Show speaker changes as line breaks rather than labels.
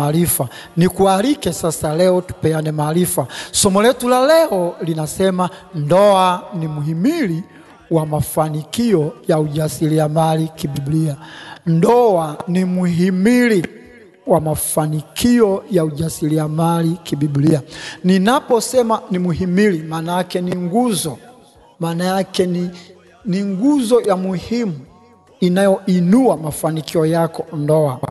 Maarifa ni kualike sasa, leo tupeane maarifa. Somo letu la leo linasema ndoa ni muhimili wa mafanikio ya ujasiriamali kibiblia. Ndoa ni muhimili wa mafanikio ya ujasiriamali kibiblia. Ninaposema ni muhimili, maana yake ni nguzo, maana yake ni, ni nguzo ya muhimu inayoinua mafanikio yako ndoa.